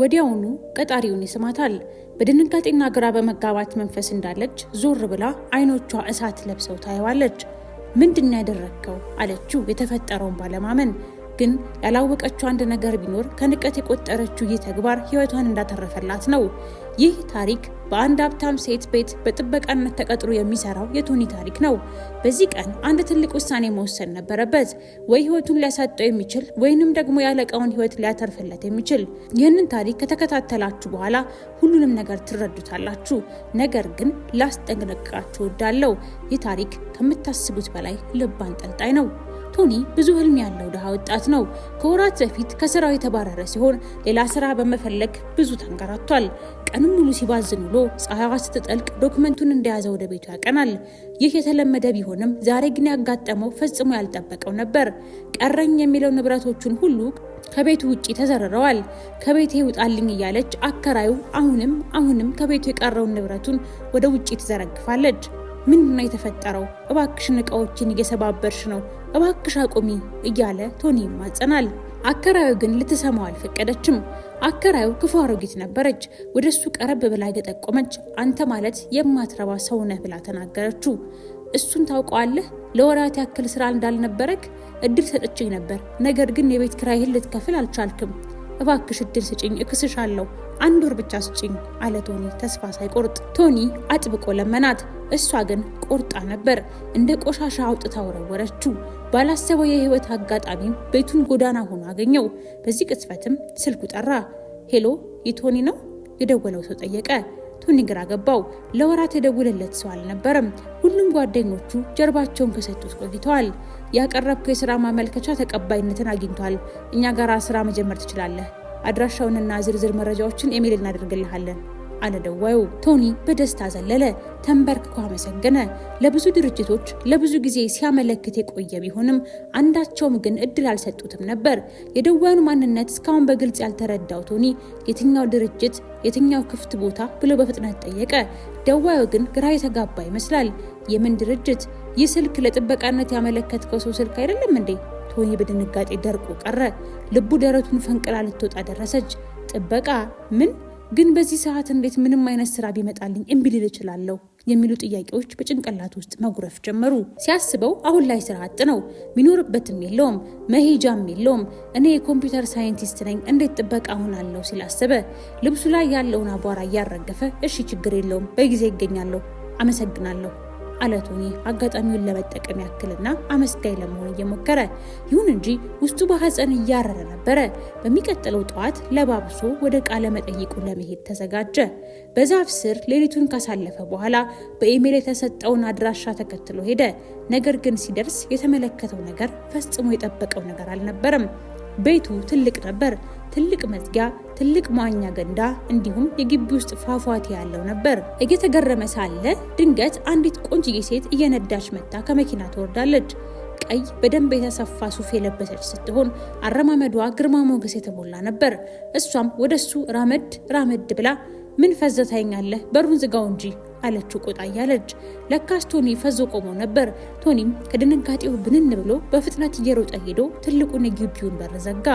ወዲያውኑ ቀጣሪውን ይስማታል። በድንጋጤና ግራ በመጋባት መንፈስ እንዳለች ዞር ብላ አይኖቿ እሳት ለብሰው ታየዋለች። ምንድን ያደረግከው? አለችው የተፈጠረውን ባለማመን ግን ያላወቀችው አንድ ነገር ቢኖር ከንቀት የቆጠረችው ይህ ተግባር ህይወቷን እንዳተረፈላት ነው። ይህ ታሪክ በአንድ ሀብታም ሴት ቤት በጥበቃነት ተቀጥሮ የሚሰራው የቶኒ ታሪክ ነው። በዚህ ቀን አንድ ትልቅ ውሳኔ መወሰን ነበረበት። ወይ ህይወቱን ሊያሳጠው የሚችል ወይንም ደግሞ ያለቃውን ህይወት ሊያተርፍለት የሚችል። ይህንን ታሪክ ከተከታተላችሁ በኋላ ሁሉንም ነገር ትረዱታላችሁ። ነገር ግን ላስጠንቅቃችሁ እወዳለሁ። ይህ ታሪክ ከምታስቡት በላይ ልብ አንጠልጣይ ነው። ቶኒ ብዙ ህልም ያለው ድሃ ወጣት ነው። ከወራት በፊት ከስራው የተባረረ ሲሆን ሌላ ስራ በመፈለግ ብዙ ተንከራቷል። ቀንም ሙሉ ሲባዝን ውሎ ፀሐይዋ ስትጠልቅ ዶክመንቱን እንደያዘ ወደ ቤቱ ያቀናል። ይህ የተለመደ ቢሆንም ዛሬ ግን ያጋጠመው ፈጽሞ ያልጠበቀው ነበር። ቀረኝ የሚለው ንብረቶቹን ሁሉ ከቤቱ ውጪ ተዘርረዋል። ከቤቴ ይውጣልኝ እያለች አከራዩ አሁንም አሁንም ከቤቱ የቀረውን ንብረቱን ወደ ውጪ ትዘረግፋለች። ምንድነው የተፈጠረው? እባክሽን እቃዎችን እየሰባበርሽ ነው እባክሽ አቁሚ እያለ ቶኒ ይማጸናል። አከራዩ ግን ልትሰማው አልፈቀደችም። አከራዩ ክፉ አሮጊት ነበረች። ወደ እሱ ቀረብ ብላ ገጠቆመች። አንተ ማለት የማትረባ ሰው ነህ ብላ ተናገረችው። እሱን ታውቀዋለህ? ለወራት ያክል ስራ እንዳልነበረክ እድል ሰጥችኝ ነበር፣ ነገር ግን የቤት ኪራይህን ልትከፍል አልቻልክም። እባክሽ እድል ስጭኝ፣ እክስሽ አለው አንድ ወር ብቻ ስጭኝ አለ ቶኒ ተስፋ ሳይቆርጥ። ቶኒ አጥብቆ ለመናት፣ እሷ ግን ቆርጣ ነበር። እንደ ቆሻሻ አውጥታ ወረወረችው። ባላሰበው የህይወት አጋጣሚ ቤቱን ጎዳና ሆኖ አገኘው። በዚህ ቅጽበትም ስልኩ ጠራ። ሄሎ የቶኒ ነው የደወለው ሰው ጠየቀ። ቶኒ ግራ ገባው። ለወራት የደውለለት ሰው አልነበረም። ሁሉም ጓደኞቹ ጀርባቸውን ከሰጡት ቆይተዋል። ያቀረብከው የስራ ማመልከቻ ተቀባይነትን አግኝቷል። እኛ ጋር ስራ መጀመር ትችላለህ። አድራሻውንና ዝርዝር መረጃዎችን ኢሜይል እናደርግልሃለን አለ ደዋዩ። ቶኒ በደስታ ዘለለ። ተንበርክኮ አመሰገነ። ለብዙ ድርጅቶች ለብዙ ጊዜ ሲያመለክት የቆየ ቢሆንም አንዳቸውም ግን እድል አልሰጡትም ነበር። የደዋኑ ማንነት እስካሁን በግልጽ ያልተረዳው ቶኒ የትኛው ድርጅት የትኛው ክፍት ቦታ ብሎ በፍጥነት ጠየቀ። ደዋዩ ግን ግራ የተጋባ ይመስላል። የምን ድርጅት? ይህ ስልክ ለጥበቃነት ያመለከትከው ሰው ስልክ አይደለም እንዴ? ቶኒ በድንጋጤ ደርቆ ቀረ። ልቡ ደረቱን ፈንቅላ ልትወጣ ደረሰች። ጥበቃ ምን? ግን በዚህ ሰዓት እንዴት ምንም አይነት ስራ ቢመጣልኝ እምቢ ልል እችላለሁ? የሚሉ ጥያቄዎች በጭንቅላት ውስጥ መጉረፍ ጀመሩ። ሲያስበው አሁን ላይ ስራ አጥ ነው፣ ሚኖርበትም የለውም፣ መሄጃም የለውም። እኔ የኮምፒውተር ሳይንቲስት ነኝ እንዴት ጥበቃ ሆናለሁ ሲል አሰበ። ልብሱ ላይ ያለውን አቧራ እያረገፈ እሺ ችግር የለውም በጊዜ ይገኛለሁ፣ አመሰግናለሁ አለ ቶኒ አጋጣሚውን ለመጠቀም ያክልና አመስጋኝ ለመሆን እየሞከረ ይሁን እንጂ ውስጡ በሐዘን እያረረ ነበረ። በሚቀጥለው ጠዋት ለባብሶ ወደ ቃለ መጠይቁ ለመሄድ ተዘጋጀ። በዛፍ ስር ሌሊቱን ካሳለፈ በኋላ በኢሜል የተሰጠውን አድራሻ ተከትሎ ሄደ። ነገር ግን ሲደርስ የተመለከተው ነገር ፈጽሞ የጠበቀው ነገር አልነበረም። ቤቱ ትልቅ ነበር። ትልቅ መዝጊያ፣ ትልቅ መዋኛ ገንዳ እንዲሁም የግቢ ውስጥ ፏፏቴ ያለው ነበር። እየተገረመ ሳለ ድንገት አንዲት ቆንጅዬ ሴት እየነዳች መታ ከመኪና ትወርዳለች። ቀይ በደንብ የተሰፋ ሱፍ የለበሰች ስትሆን አረማመዷ ግርማ ሞገስ የተሞላ ነበር። እሷም ወደሱ ራመድ ራመድ ብላ ምን ፈዘታኛለህ በሩን ዝጋው እንጂ አለችው ቆጣ እያለች ለካስ ቶኒ ፈዞ ቆሞ ነበር። ቶኒም ከድንጋጤው ብንን ብሎ በፍጥነት እየሮጠ ሄዶ ትልቁን የግቢውን በር ዘጋ።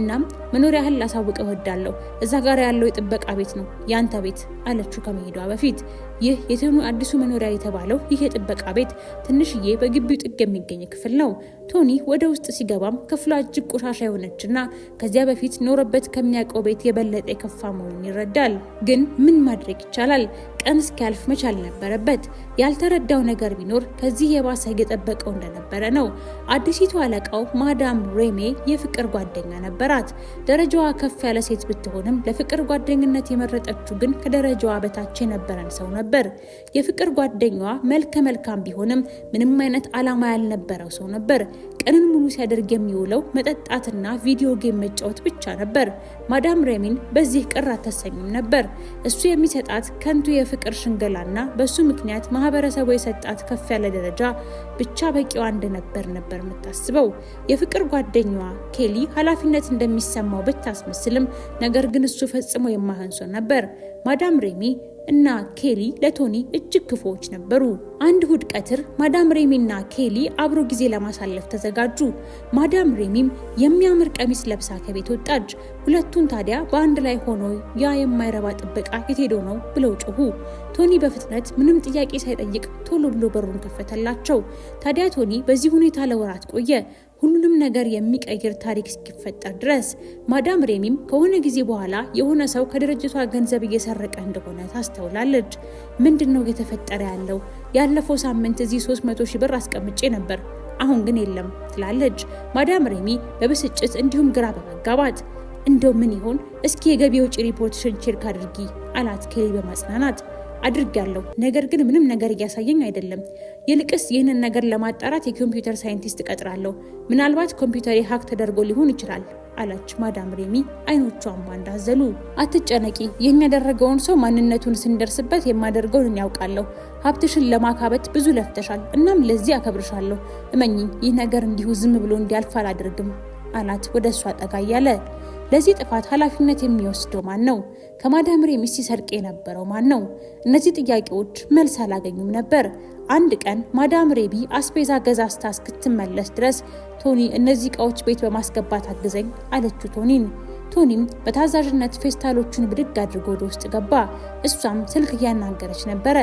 እናም መኖሪያህን ላሳውቀ እወዳለሁ፣ እዛ ጋር ያለው የጥበቃ ቤት ነው ያንተ ቤት አለችው ከመሄዷ በፊት። ይህ የቶኒ አዲሱ መኖሪያ የተባለው ይህ የጥበቃ ቤት ትንሽዬ በግቢው ጥግ የሚገኝ ክፍል ነው። ቶኒ ወደ ውስጥ ሲገባም ክፍሏ እጅግ ቆሻሻ የሆነችና ከዚያ በፊት ኖረበት ከሚያውቀው ቤት የበለጠ የከፋ መሆኑን ይረዳል። ግን ምን ማድረግ ይቻላል? ቀን እስኪያልፍ መቻል ነበረበት። ያልተረዳው ነገር ቢኖር ከዚህ የባሰ የጠበቀው እንደነበረ ነው። አዲሲቱ አለቃው ማዳም ሬሜ የፍቅር ጓደኛ ነበራት። ደረጃዋ ከፍ ያለ ሴት ብትሆንም ለፍቅር ጓደኝነት የመረጠችው ግን ከደረጃዋ በታች የነበረን ሰው ነበር። የፍቅር ጓደኛዋ መልከ መልካም ቢሆንም ምንም አይነት ዓላማ ያልነበረው ሰው ነበር። ቀንን ሙሉ ሲያደርግ የሚውለው መጠጣትና ቪዲዮ ጌም መጫወት ብቻ ነበር። ማዳም ሬሚን በዚህ ቅር አታሰኝም ነበር። እሱ የሚሰጣት ከንቱ የፍቅር ሽንገላና በሱ ምክንያት ማህበረሰቡ የሰጣት ከፍ ያለ ደረጃ ብቻ በቂዋ እንደነበር ነበር የምታስበው። የፍቅር ጓደኛዋ ኬሊ ኃላፊነት እንደሚሰማው ብታስመስልም ነገር ግን እሱ ፈጽሞ የማይሆን ነበር። ማዳም ሬሚ እና ኬሊ ለቶኒ እጅግ ክፉዎች ነበሩ። አንድ እሁድ ቀትር ማዳም ሬሚ እና ኬሊ አብሮ ጊዜ ለማሳለፍ ተዘጋጁ። ማዳም ሬሚም የሚያምር ቀሚስ ለብሳ ከቤት ወጣች። ሁለቱን ታዲያ በአንድ ላይ ሆኖ ያ የማይረባ ጥበቃ የት ሄዶ ነው ብለው ጮሁ። ቶኒ በፍጥነት ምንም ጥያቄ ሳይጠይቅ ቶሎ ብሎ በሩን ከፈተላቸው። ታዲያ ቶኒ በዚህ ሁኔታ ለወራት ቆየ። ሁሉንም ነገር የሚቀይር ታሪክ እስኪፈጠር ድረስ ማዳም ሬሚም ከሆነ ጊዜ በኋላ የሆነ ሰው ከድርጅቷ ገንዘብ እየሰረቀ እንደሆነ ታስተውላለች። ምንድን ነው እየተፈጠረ ያለው? ያለፈው ሳምንት እዚህ 300 ሺህ ብር አስቀምጬ ነበር፣ አሁን ግን የለም ትላለች ማዳም ሬሚ በብስጭት እንዲሁም ግራ በመጋባት እንደው ምን ይሆን እስኪ የገቢ ውጭ ሪፖርት ሽንቼር ካድርጊ አላት ኬሊ በማጽናናት አድርጊያለሁ። ነገር ግን ምንም ነገር እያሳየኝ አይደለም። ይልቅስ ይህንን ነገር ለማጣራት የኮምፒውተር ሳይንቲስት እቀጥራለሁ። ምናልባት ኮምፒውተር ሀክ ተደርጎ ሊሆን ይችላል አላች ማዳም ሬሚ አይኖቿን ባንዳዘሉ። አትጨነቂ፣ ይህን ያደረገውን ሰው ማንነቱን ስንደርስበት የማደርገውን ያውቃለሁ። ሀብትሽን ለማካበት ብዙ ለፍተሻል፣ እናም ለዚህ አከብርሻለሁ። እመኝኝ፣ ይህ ነገር እንዲሁ ዝም ብሎ እንዲያልፍ አላደርግም አላት ወደ እሷ ጠጋ እያለ ለዚህ ጥፋት ኃላፊነት የሚወስደው ማን ነው? ከማዳምሬ ሚስት ሲሰርቅ የነበረው ማን ነው? እነዚህ ጥያቄዎች መልስ አላገኙም ነበር። አንድ ቀን ማዳም ሬቢ አስቤዛ ገዛስታ እስክትመለስ ድረስ ቶኒ እነዚህ እቃዎች ቤት በማስገባት አግዘኝ አለችው ቶኒን። ቶኒም በታዛዥነት ፌስታሎቹን ብድግ አድርጎ ወደ ውስጥ ገባ። እሷም ስልክ እያናገረች ነበረ።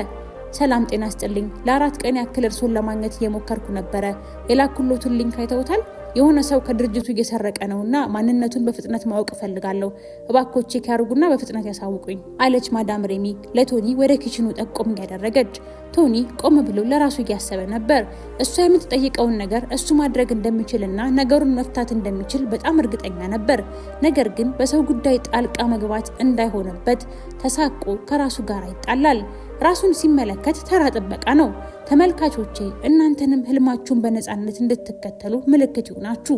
ሰላም ጤና ስጥልኝ። ለአራት ቀን ያክል እርሶን ለማግኘት እየሞከርኩ ነበረ። የላኩሎትን ሊንክ አይተውታል? የሆነ ሰው ከድርጅቱ እየሰረቀ ነውና ማንነቱን በፍጥነት ማወቅ እፈልጋለሁ። እባኮቼ ያርጉና በፍጥነት ያሳውቁኝ አለች ማዳም ሬሚ ለቶኒ ወደ ኪችኑ ጠቆም እያደረገች። ቶኒ ቆም ብሎ ለራሱ እያሰበ ነበር። እሷ የምትጠይቀውን ነገር እሱ ማድረግ እንደሚችልና ነገሩን መፍታት እንደሚችል በጣም እርግጠኛ ነበር። ነገር ግን በሰው ጉዳይ ጣልቃ መግባት እንዳይሆንበት ተሳቆ ከራሱ ጋር ይጣላል። ራሱን ሲመለከት ተራ ጥበቃ ነው። ተመልካቾቼ እናንተንም ህልማችሁን በነፃነት እንድትከተሉ ምልክት ይሆናችሁ።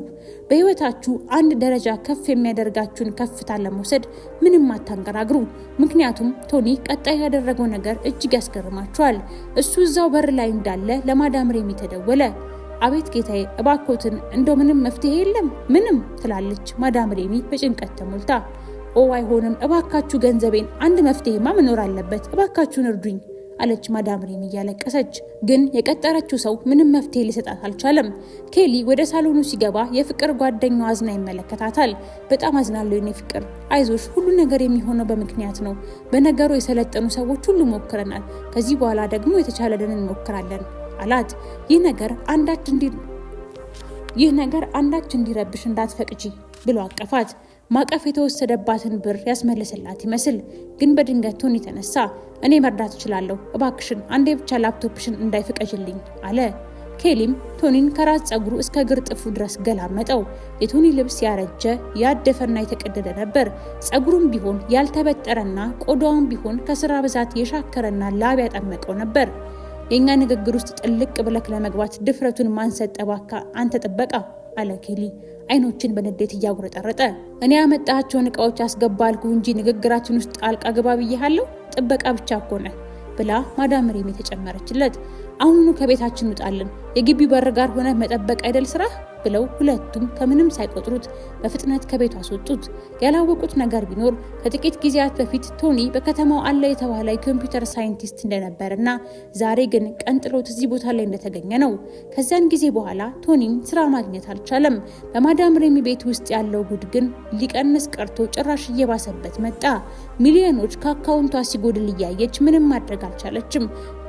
በህይወታችሁ አንድ ደረጃ ከፍ የሚያደርጋችሁን ከፍታ ለመውሰድ ምንም አታንገራግሩ። ምክንያቱም ቶኒ ቀጣይ ያደረገው ነገር እጅግ ያስገርማችኋል። እሱ እዛው በር ላይ እንዳለ ለማዳምሬ የተደወለ አቤት ጌታዬ፣ እባኮትን እንደው ምንም መፍትሄ የለም? ምንም ትላለች ማዳም ሬሚ በጭንቀት ተሞልታ። ኦ አይሆንም፣ እባካችሁ ገንዘቤን፣ አንድ መፍትሄማ መኖር አለበት፣ እባካችሁን እርዱኝ አለች ማዳም ሪም እያለቀሰች። ግን የቀጠረችው ሰው ምንም መፍትሄ ሊሰጣት አልቻለም። ኬሊ ወደ ሳሎኑ ሲገባ የፍቅር ጓደኛው አዝና ይመለከታታል። በጣም አዝናለሁ የኔ ፍቅር፣ አይዞሽ፣ ሁሉ ነገር የሚሆነው በምክንያት ነው። በነገሩ የሰለጠኑ ሰዎች ሁሉ ሞክረናል። ከዚህ በኋላ ደግሞ የተቻለንን እንሞክራለን አላት። ይህ ነገር አንዳች እንዲ ይህ ነገር አንዳች እንዲረብሽ እንዳትፈቅጂ ብሎ አቀፋት። ማቀፍ የተወሰደባትን ብር ያስመልስላት ይመስል ግን በድንገት ቶን የተነሳ እኔ መርዳት እችላለሁ፣ እባክሽን አንዴ ብቻ ላፕቶፕሽን እንዳይፈቀጅልኝ አለ። ኬሊም ቶኒን ከራስ ጸጉሩ እስከ እግር ጥፍሩ ድረስ ገላመጠው። የቶኒ ልብስ ያረጀ ያደፈና የተቀደደ ነበር። ጸጉሩም ቢሆን ያልተበጠረና ቆዳውም ቢሆን ከስራ ብዛት የሻከረና ላብ ያጠመቀው ነበር። የእኛ ንግግር ውስጥ ጥልቅ ብለክ ለመግባት ድፍረቱን ማንሰት ጠባካ አንተ ጥበቃ አለ ኬሊ አይኖችን በንዴት እያጉረጠረጠ። እኔ ያመጣቸውን እቃዎች አስገባልኩ እንጂ ንግግራችን ውስጥ ጣልቃ ግባ ብያሃለሁ ጥበቃ ብቻ እኮ ነህ ብላ ማዳም ሬም የተጨመረችለት፣ አሁኑ ከቤታችን እንውጣለን። የግቢው በር ጋር ሆነ መጠበቅ አይደል ስራህ ብለው ሁለቱም ከምንም ሳይቆጥሩት በፍጥነት ከቤቱ አስወጡት። ያላወቁት ነገር ቢኖር ከጥቂት ጊዜያት በፊት ቶኒ በከተማው አለ የተባለ የኮምፒውተር ሳይንቲስት እንደነበርና ዛሬ ግን ቀን ጥሎት እዚህ ቦታ ላይ እንደተገኘ ነው። ከዚያን ጊዜ በኋላ ቶኒም ስራ ማግኘት አልቻለም። በማዳም ሬሚ ቤት ውስጥ ያለው ጉድ ግን ሊቀንስ ቀርቶ ጭራሽ እየባሰበት መጣ። ሚሊዮኖች ከአካውንቷ ሲጎድል እያየች ምንም ማድረግ አልቻለችም።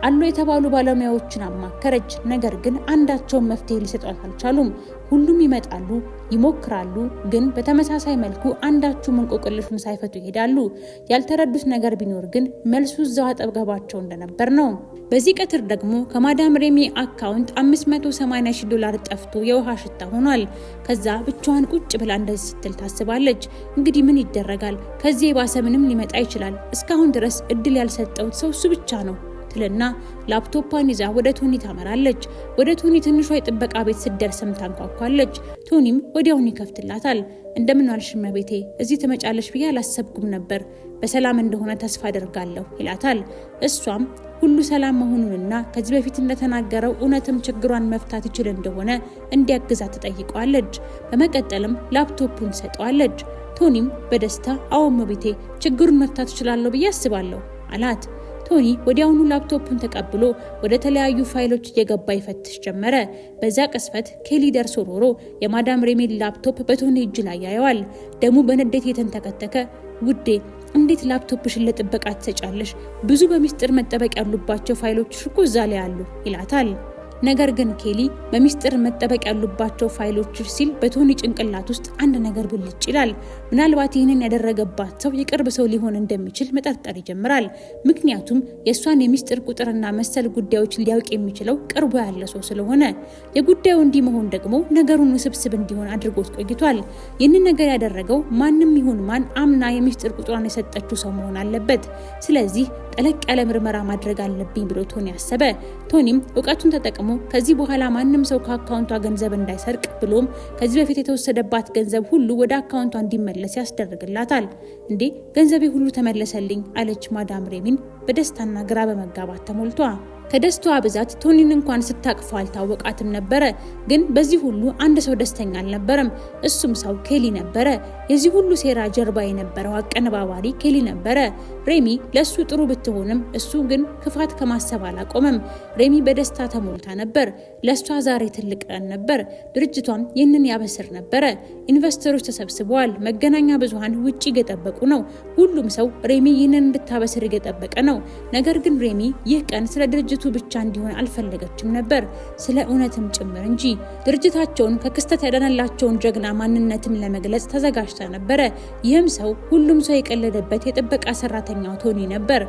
አሉ የተባሉ ባለሙያዎችን አማከረች። ነገር ግን አንዳቸውን መፍትሄ ሊሰጧት አልቻሉም። ሁሉም ይመጣሉ፣ ይሞክራሉ፣ ግን በተመሳሳይ መልኩ አንዳችሁም እንቆቅልሹን ሳይፈቱ ይሄዳሉ። ያልተረዱት ነገር ቢኖር ግን መልሱ እዛው አጠገባቸው እንደነበር ነው። በዚህ ቀትር ደግሞ ከማዳም ሬሚ አካውንት 580 ሺህ ዶላር ጠፍቶ የውሃ ሽታ ሆኗል። ከዛ ብቻዋን ቁጭ ብላ እንደዚህ ስትል ታስባለች። እንግዲህ ምን ይደረጋል? ከዚህ የባሰ ምንም ሊመጣ ይችላል። እስካሁን ድረስ እድል ያልሰጠውት ሰው እሱ ብቻ ነው። ትልና ላፕቶፓን ይዛ ወደ ቶኒ ታመራለች። ወደ ቶኒ ትንሿ የጥበቃ ቤት ስደርስም ታንኳኳለች። ቶኒም ወዲያውን ይከፍትላታል። እንደምን ዋልሽ እመቤቴ፣ እዚህ ትመጫለሽ ብዬ አላሰብኩም ነበር። በሰላም እንደሆነ ተስፋ አደርጋለሁ ይላታል። እሷም ሁሉ ሰላም መሆኑንና ከዚህ በፊት እንደተናገረው እውነትም ችግሯን መፍታት ይችል እንደሆነ እንዲያግዛት ትጠይቀዋለች። በመቀጠልም ላፕቶፑን ሰጠዋለች። ቶኒም በደስታ አዎ እመቤቴ፣ ችግሩን መፍታት እችላለሁ ብዬ አስባለሁ አላት። ቶኒ ወዲያውኑ ላፕቶፑን ተቀብሎ ወደ ተለያዩ ፋይሎች እየገባ ይፈትሽ ጀመረ። በዛ ቅስፈት ኬሊ ደርሶ ኖሮ የማዳም ሬሜል ላፕቶፕ በቶኒ እጅ ላይ ያየዋል። ደሙ በንዴት የተንተከተከ ውዴ እንዴት ላፕቶፕሽን ለጥበቃ ትሰጫለሽ? ብዙ በሚስጥር መጠበቅ ያሉባቸው ፋይሎች እኮ እዛ ላይ አሉ ይላታል። ነገር ግን ኬሊ በሚስጥር መጠበቅ ያሉባቸው ፋይሎች ሲል በቶኒ ጭንቅላት ውስጥ አንድ ነገር ብልጭ ይላል። ምናልባት ይህንን ያደረገባት ሰው የቅርብ ሰው ሊሆን እንደሚችል መጠርጠር ይጀምራል። ምክንያቱም የእሷን የሚስጥር ቁጥርና መሰል ጉዳዮች ሊያውቅ የሚችለው ቅርቡ ያለ ሰው ስለሆነ፣ የጉዳዩ እንዲህ መሆን ደግሞ ነገሩን ውስብስብ እንዲሆን አድርጎት ቆይቷል። ይህንን ነገር ያደረገው ማንም ይሁን ማን አምና የሚስጥር ቁጥሯን የሰጠችው ሰው መሆን አለበት። ስለዚህ ጠለቅ ያለ ምርመራ ማድረግ አለብኝ ብሎ ቶኒ አሰበ። ቶኒም እውቀቱን ተጠቅሞ ከዚህ በኋላ ማንም ሰው ከአካውንቷ ገንዘብ እንዳይሰርቅ ብሎም ከዚህ በፊት የተወሰደባት ገንዘብ ሁሉ ወደ አካውንቷ እንዲመለስ ያስደርግላታል። እንዴ ገንዘቤ ሁሉ ተመለሰልኝ አለች ማዳም ሬሚን በደስታና ግራ በመጋባት ተሞልቷ። ከደስታዋ ብዛት ቶኒን እንኳን ስታቅፈው አልታወቃትም ነበረ። ግን በዚህ ሁሉ አንድ ሰው ደስተኛ አልነበረም። እሱም ሰው ኬሊ ነበረ። የዚህ ሁሉ ሴራ ጀርባ የነበረው አቀነባባሪ ኬሊ ነበረ። ሬሚ ለእሱ ጥሩ ብትሆንም እሱ ግን ክፋት ከማሰብ አላቆመም። ሬሚ በደስታ ተሞልታ ነበር። ለእሷ ዛሬ ትልቅ ቀን ነበር። ድርጅቷም ይህንን ያበስር ነበረ። ኢንቨስተሮች ተሰብስበዋል። መገናኛ ብዙሃን ውጭ እየጠበቁ ነው። ሁሉም ሰው ሬሚ ይህንን እንድታበስር እየጠበቀ ነው። ነገር ግን ሬሚ ይህ ቀን ስለ ድርጅቱ ድርጅቱ ብቻ እንዲሆን አልፈለገችም ነበር፣ ስለ እውነትም ጭምር እንጂ። ድርጅታቸውን ከክስተት ያዳነላቸውን ጀግና ማንነትም ለመግለጽ ተዘጋጅታ ነበረ። ይህም ሰው ሁሉም ሰው የቀለደበት የጥበቃ ሰራተኛው ቶኒ ነበር።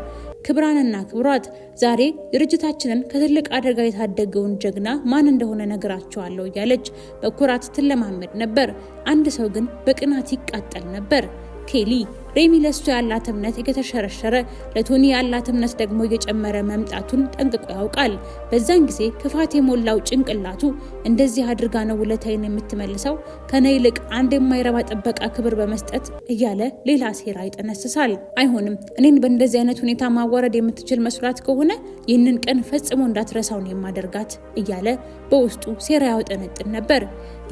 ክብራንና ክብሯት፣ ዛሬ ድርጅታችንን ከትልቅ አደጋ የታደገውን ጀግና ማን እንደሆነ ነግራቸዋለሁ እያለች በኩራት ትለማመድ ነበር። አንድ ሰው ግን በቅናት ይቃጠል ነበር፣ ኬሊ ሬሚ ለሱ ያላት እምነት እየተሸረሸረ ለቶኒ ያላት እምነት ደግሞ እየጨመረ መምጣቱን ጠንቅቆ ያውቃል። በዛን ጊዜ ክፋት የሞላው ጭንቅላቱ እንደዚህ አድርጋ ነው ውለታዬን የምትመልሰው ከነ ይልቅ አንድ የማይረባ ጥበቃ ክብር በመስጠት እያለ ሌላ ሴራ ይጠነስሳል። አይሆንም፣ እኔን በእንደዚህ አይነት ሁኔታ ማዋረድ የምትችል መስሏት ከሆነ ይህንን ቀን ፈጽሞ እንዳትረሳው ነው የማደርጋት እያለ በውስጡ ሴራ ያውጠነጥን ነበር።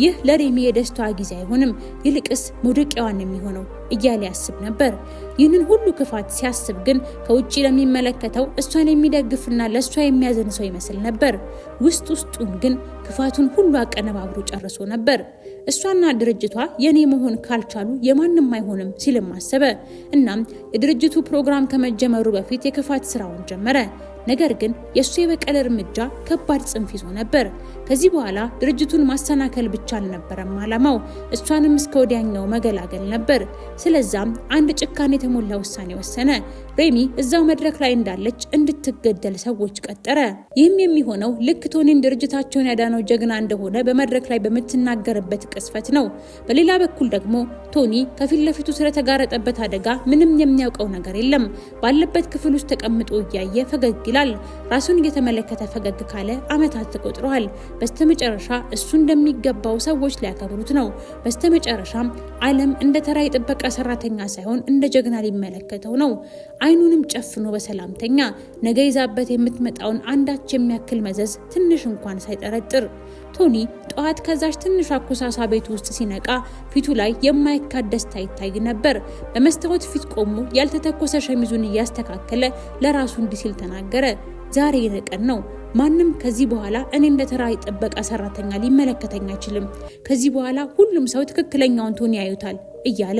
ይህ ለሬሚ የደስታዋ ጊዜ አይሆንም፣ ይልቅስ መውደቂያዋን የሚሆነው እያለ ያስብ ነበር። ይህንን ሁሉ ክፋት ሲያስብ ግን ከውጭ ለሚመለከተው እሷን የሚደግፍና ለእሷ የሚያዘን ሰው ይመስል ነበር። ውስጥ ውስጡን ግን ክፋቱን ሁሉ አቀነባብሮ ጨርሶ ነበር። እሷና ድርጅቷ የኔ መሆን ካልቻሉ የማንም አይሆንም ሲልም አሰበ። እናም የድርጅቱ ፕሮግራም ከመጀመሩ በፊት የክፋት ስራውን ጀመረ። ነገር ግን የእሱ የበቀል እርምጃ ከባድ ጽንፍ ይዞ ነበር። ከዚህ በኋላ ድርጅቱን ማሰናከል ብቻ አልነበረም አላማው፣ እሷንም እስከ ወዲያኛው መገላገል ነበር። ስለዛም አንድ ጭካን የተሞላ ውሳኔ ወሰነ። ሬሚ እዛው መድረክ ላይ እንዳለች እንድትገደል ሰዎች ቀጠረ። ይህም የሚሆነው ልክ ቶኒን ድርጅታቸውን ያዳነው ጀግና እንደሆነ በመድረክ ላይ በምትናገርበት ቅስፈት ነው። በሌላ በኩል ደግሞ ቶኒ ከፊት ለፊቱ ስለተጋረጠበት አደጋ ምንም የሚያውቀው ነገር የለም። ባለበት ክፍል ውስጥ ተቀምጦ እያየ ፈገግ ይላል። ራሱን እየተመለከተ ፈገግ ካለ አመታት ተቆጥረዋል። በስተመጨረሻ እሱ እንደሚገባው ሰዎች ሊያከብሩት ነው። በስተመጨረሻም ዓለም እንደ ተራ የጥበቃ ሰራተኛ ሳይሆን እንደ ጀግና ሊመለከተው ነው። አይኑንም ጨፍኖ በሰላምተኛ ነገ ይዛበት የምትመጣውን አንዳች የሚያክል መዘዝ ትንሽ እንኳን ሳይጠረጥር ቶኒ ጠዋት ከዛች ትንሽ አኮሳሳ ቤት ውስጥ ሲነቃ ፊቱ ላይ የማይካድ ደስታ ይታይ ነበር። በመስታወት ፊት ቆሞ ያልተተኮሰ ሸሚዙን እያስተካከለ ለራሱ እንዲህ ሲል ተናገረ። ዛሬ የነቀን ቀን ነው። ማንም ከዚህ በኋላ እኔ እንደ ተራ የጠበቀ ሰራተኛ ሊመለከተኝ አይችልም። ከዚህ በኋላ ሁሉም ሰው ትክክለኛውን ቶን ያዩታል እያለ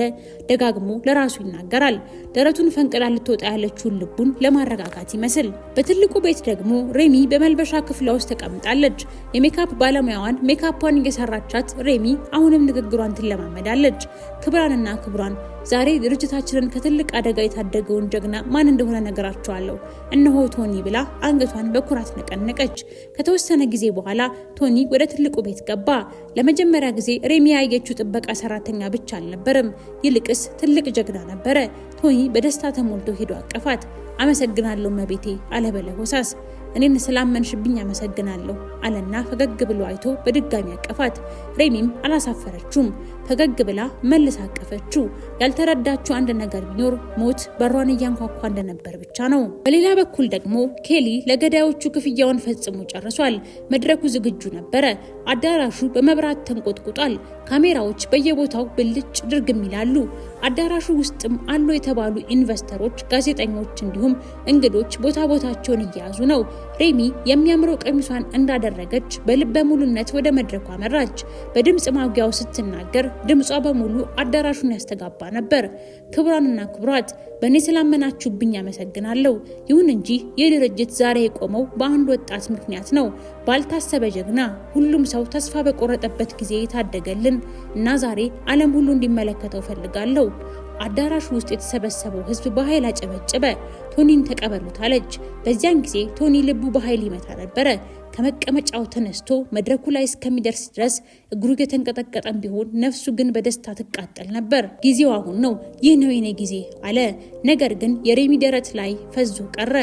ደጋግሞ ለራሱ ይናገራል። ደረቱን ፈንቅላ ልትወጣ ያለችውን ልቡን ለማረጋጋት ይመስል በትልቁ ቤት ደግሞ ሬሚ በመልበሻ ክፍሏ ውስጥ ተቀምጣለች። የሜካፕ ባለሙያዋን ሜካፓን እየሰራቻት ሬሚ አሁንም ንግግሯን ትለማመዳለች። ክብራንና ክብሯን ዛሬ ድርጅታችንን ከትልቅ አደጋ የታደገውን ጀግና ማን እንደሆነ ነገራቸዋለሁ። እነሆ ቶኒ ብላ አንገቷን በኩራት ነቀነቀች። ከተወሰነ ጊዜ በኋላ ቶኒ ወደ ትልቁ ቤት ገባ። ለመጀመሪያ ጊዜ ሬሚ ያየችው ጥበቃ ሰራተኛ ብቻ አልነበረም፣ ይልቅስ ትልቅ ጀግና ነበረ። ቶኒ በደስታ ተሞልቶ ሄዶ አቀፋት። አመሰግናለሁ መቤቴ አለ ሆሳስ እኔን ስላመንሽብኝ አመሰግናለሁ አለና ፈገግ ብሎ አይቶ በድጋሚ አቀፋት። ሬሚም አላሳፈረችውም። ፈገግ ብላ መልስ አቀፈችው። ያልተረዳችው አንድ ነገር ቢኖር ሞት በሯን እያንኳኳ እንደነበር ብቻ ነው። በሌላ በኩል ደግሞ ኬሊ ለገዳዮቹ ክፍያውን ፈጽሞ ጨርሷል። መድረኩ ዝግጁ ነበረ። አዳራሹ በመብራት ተንቆጥቁጧል። ካሜራዎች በየቦታው ብልጭ ድርግም ይላሉ። አዳራሹ ውስጥም አሉ የተባሉ ኢንቨስተሮች፣ ጋዜጠኞች እንዲሁም እንግዶች ቦታ ቦታቸውን እየያዙ ነው። ሬሚ የሚያምረው ቀሚሷን እንዳደረገች በልበ ሙሉነት ወደ መድረኩ አመራች። በድምፅ ማጉያው ስትናገር ድምጿ በሙሉ አዳራሹን ያስተጋባ ነበር። ክቡራንና ክቡራት በእኔ ስላመናችሁብኝ አመሰግናለሁ። ይሁን እንጂ ይህ ድርጅት ዛሬ የቆመው በአንድ ወጣት ምክንያት ነው። ባልታሰበ ጀግና፣ ሁሉም ሰው ተስፋ በቆረጠበት ጊዜ የታደገልን እና ዛሬ ዓለም ሁሉ እንዲመለከተው ፈልጋለሁ። አዳራሹ ውስጥ የተሰበሰበው ህዝብ በኃይል አጨበጨበ። ቶኒን ተቀበሉት አለች። በዚያን ጊዜ ቶኒ ልቡ በኃይል ይመታ ነበረ። ከመቀመጫው ተነስቶ መድረኩ ላይ እስከሚደርስ ድረስ እግሩ የተንቀጠቀጠም ቢሆን ነፍሱ ግን በደስታ ትቃጠል ነበር። ጊዜው አሁን ነው፣ ይህ ነው የኔ ጊዜ አለ። ነገር ግን የሬሚ ደረት ላይ ፈዞ ቀረ።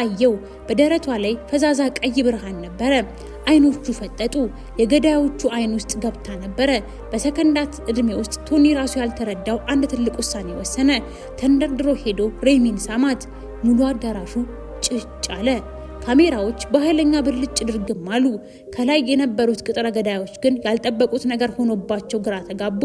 አየው፣ በደረቷ ላይ ፈዛዛ ቀይ ብርሃን ነበረ። አይኖቹ ፈጠጡ። የገዳዮቹ አይን ውስጥ ገብታ ነበረ። በሰከንዳት እድሜ ውስጥ ቶኒ ራሱ ያልተረዳው አንድ ትልቅ ውሳኔ ወሰነ። ተንደርድሮ ሄዶ ሬሚን ሳማት። ሙሉ አዳራሹ ጭጭ አለ። ካሜራዎች በኃይለኛ ብልጭ ድርግም አሉ። ከላይ የነበሩት ቅጥረ ገዳዮች ግን ያልጠበቁት ነገር ሆኖባቸው ግራ ተጋቡ።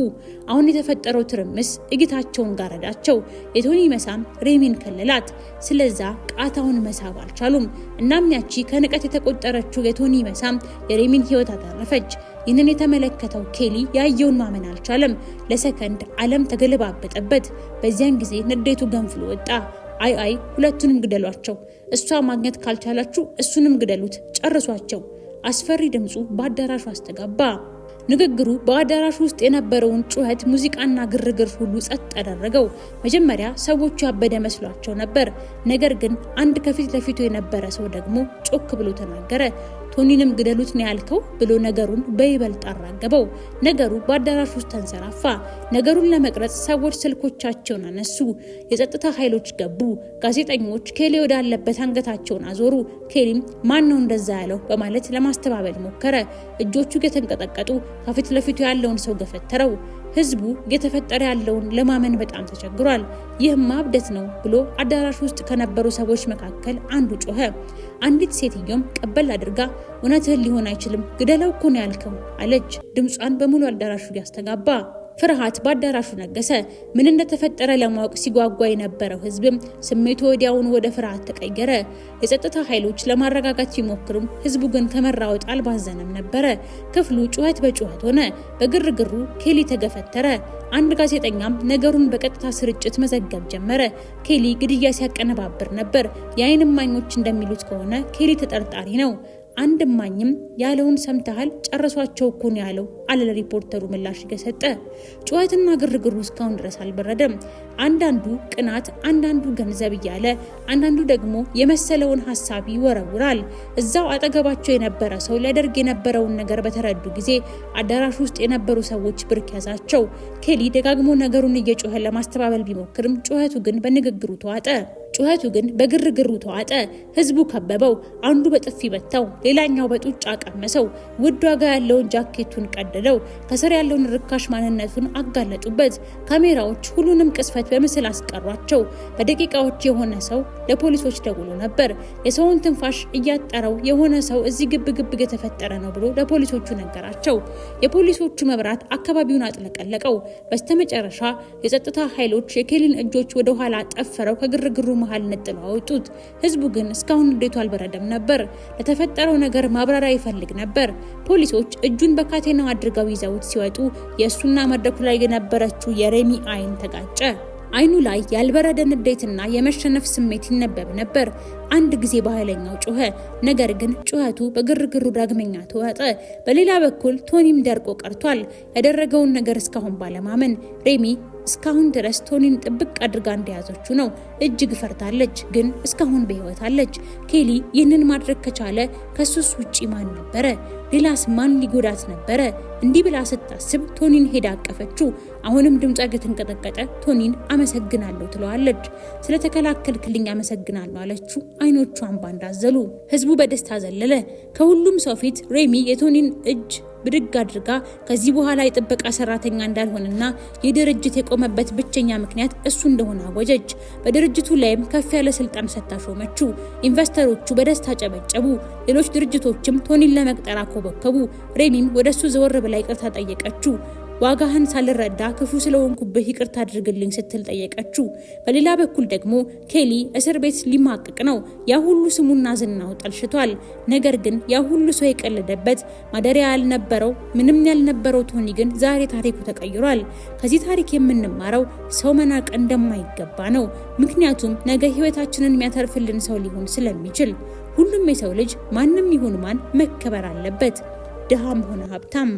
አሁን የተፈጠረው ትርምስ እይታቸውን ጋረዳቸው። የቶኒ መሳም ሬሚን ከለላት። ስለዛ ቃታውን መሳብ አልቻሉም። እናም ያቺ ከንቀት የተቆጠረችው የቶኒ መሳም የሬሚን ሕይወት አተረፈች። ይህንን የተመለከተው ኬሊ ያየውን ማመን አልቻለም። ለሰከንድ ዓለም ተገለባበጠበት። በዚያን ጊዜ ንዴቱ ገንፍሎ ወጣ። አይ አይ ሁለቱንም ግደሏቸው፣ እሷ ማግኘት ካልቻላችሁ እሱንም ግደሉት፣ ጨርሷቸው። አስፈሪ ድምፁ በአዳራሹ አስተጋባ። ንግግሩ በአዳራሹ ውስጥ የነበረውን ጩኸት፣ ሙዚቃና ግርግር ሁሉ ጸጥ አደረገው። መጀመሪያ ሰዎቹ ያበደ መስሏቸው ነበር። ነገር ግን አንድ ከፊት ለፊቱ የነበረ ሰው ደግሞ ጮክ ብሎ ተናገረ። ቶኒንም ግደሉት ነው ያልከው ብሎ ነገሩን በይበልጥ አራገበው። ነገሩ በአዳራሽ ውስጥ ተንሰራፋ። ነገሩን ለመቅረጽ ሰዎች ስልኮቻቸውን አነሱ። የጸጥታ ኃይሎች ገቡ። ጋዜጠኞች ኬሊ ወዳለበት አንገታቸውን አዞሩ። ኬሊም ማን ነው እንደዛ ያለው በማለት ለማስተባበል ሞከረ። እጆቹ የተንቀጠቀጡ ከፊት ለፊቱ ያለውን ሰው ገፈተረው። ህዝቡ እየተፈጠረ ያለውን ለማመን በጣም ተቸግሯል። ይህም ማብደት ነው ብሎ አዳራሽ ውስጥ ከነበሩ ሰዎች መካከል አንዱ ጮኸ። አንዲት ሴትዮም ቀበል አድርጋ እውነትህን ሊሆን አይችልም፣ ግደለው እኮ ነው ያልከው አለች፣ ድምጿን በሙሉ አዳራሹ ያስተጋባ። ፍርሃት በአዳራሹ ነገሰ። ምን እንደተፈጠረ ለማወቅ ሲጓጓ የነበረው ህዝብም ስሜቱ ወዲያውን ወደ ፍርሃት ተቀየረ። የጸጥታ ኃይሎች ለማረጋጋት ሲሞክሩም ህዝቡ ግን ከመራወጥ አልባዘነም ነበረ። ክፍሉ ጩኸት በጩኸት ሆነ። በግርግሩ ኬሊ ተገፈተረ። አንድ ጋዜጠኛም ነገሩን በቀጥታ ስርጭት መዘገብ ጀመረ። ኬሊ ግድያ ሲያቀነባብር ነበር። የአይን እማኞች እንደሚሉት ከሆነ ኬሊ ተጠርጣሪ ነው። አንድ ማኝም ያለውን ሰምተሃል፣ ጨረሷቸው እኮ ነው ያለው አለ ለሪፖርተሩ ምላሽ እየሰጠ። ጩኸትና ግርግሩ እስካሁን ድረስ አልበረደም። አንዳንዱ ቅናት፣ አንዳንዱ ገንዘብ እያለ አንዳንዱ ደግሞ የመሰለውን ሀሳብ ይወረውራል። እዛው አጠገባቸው የነበረ ሰው ሊያደርግ የነበረውን ነገር በተረዱ ጊዜ አዳራሽ ውስጥ የነበሩ ሰዎች ብርክ ያዛቸው። ኬሊ ደጋግሞ ነገሩን እየጮኸ ለማስተባበል ቢሞክርም ጩኸቱ ግን በንግግሩ ተዋጠ። ጩኸቱ ግን በግርግሩ ተዋጠ። ህዝቡ ከበበው። አንዱ በጥፊ በተው፣ ሌላኛው በጡጫ ቀመሰው። ውድ ዋጋ ያለውን ጃኬቱን ቀደደው፣ ከስር ያለውን ርካሽ ማንነቱን አጋለጡበት። ካሜራዎች ሁሉንም ቅስፈት በምስል አስቀሯቸው። በደቂቃዎች የሆነ ሰው ለፖሊሶች ደውሎ ነበር። የሰውን ትንፋሽ እያጠረው የሆነ ሰው እዚህ ግብ ግብ የተፈጠረ ነው ብሎ ለፖሊሶቹ ነገራቸው። የፖሊሶቹ መብራት አካባቢውን አጥለቀለቀው። በስተመጨረሻ የጸጥታ ኃይሎች የኬሊን እጆች ወደኋላ ጠፍረው ከግርግሩ መሀል ነጥለው አወጡት። ህዝቡ ግን እስካሁን እንዴቱ አልበረደም ነበር። ለተፈጠረው ነገር ማብራሪያ ይፈልግ ነበር። ፖሊሶች እጁን በካቴናው አድርገው ይዘውት ሲወጡ የእሱና መድረኩ ላይ የነበረችው የሬሚ አይን ተጋጨ። አይኑ ላይ ያልበረደ ንዴትና የመሸነፍ ስሜት ይነበብ ነበር። አንድ ጊዜ በኃይለኛው ጮኸ። ነገር ግን ጩኸቱ በግርግሩ ዳግመኛ ተዋጠ። በሌላ በኩል ቶኒም ደርቆ ቀርቷል። ያደረገውን ነገር እስካሁን ባለማመን ሬሚ እስካሁን ድረስ ቶኒን ጥብቅ አድርጋ እንደያዘችው ነው። እጅግ ፈርታለች፣ ግን እስካሁን በህይወት አለች። ኬሊ ይህንን ማድረግ ከቻለ ከሱስ ውጪ ማን ነበረ? ሌላስ ማን ሊጎዳት ነበረ? እንዲህ ብላ ስታስብ ቶኒን ሄዳ አቀፈችው። አሁንም ድምጿ የተንቀጠቀጠ ቶኒን አመሰግናለሁ ትለዋለች። ስለተከላከልክልኝ አመሰግናለሁ አለችው። አይኖቹ እንባ እንዳዘሉ ህዝቡ በደስታ ዘለለ። ከሁሉም ሰው ፊት ሬሚ የቶኒን እጅ ብድግ አድርጋ ከዚህ በኋላ የጥበቃ ሰራተኛ እንዳልሆነና ይህ ድርጅት የቆመበት ብቸኛ ምክንያት እሱ እንደሆነ አወጀች። በድርጅቱ ላይም ከፍ ያለ ስልጣን ሰጥታ ሾመችው። ኢንቨስተሮቹ በደስታ ጨበጨቡ። ሌሎች ድርጅቶችም ቶኒን ለመቅጠር አኮበከቡ። ሬኒም ወደ እሱ ዘወር ብላ ይቅርታ ጠየቀችው። ዋጋህን ሳልረዳ ክፉ ስለሆንኩብህ ይቅርታ አድርግልኝ ስትል ጠየቀችው። በሌላ በኩል ደግሞ ኬሊ እስር ቤት ሊማቅቅ ነው። ያ ሁሉ ስሙና ዝናው ጠልሽቷል። ነገር ግን ያ ሁሉ ሰው የቀለደበት ማደሪያ ያልነበረው ምንም ያልነበረው ቶኒ ግን ዛሬ ታሪኩ ተቀይሯል። ከዚህ ታሪክ የምንማረው ሰው መናቅ እንደማይገባ ነው። ምክንያቱም ነገ ህይወታችንን የሚያተርፍልን ሰው ሊሆን ስለሚችል ሁሉም የሰው ልጅ ማንም ይሁን ማን መከበር አለበት፣ ድሃም ሆነ ሀብታም።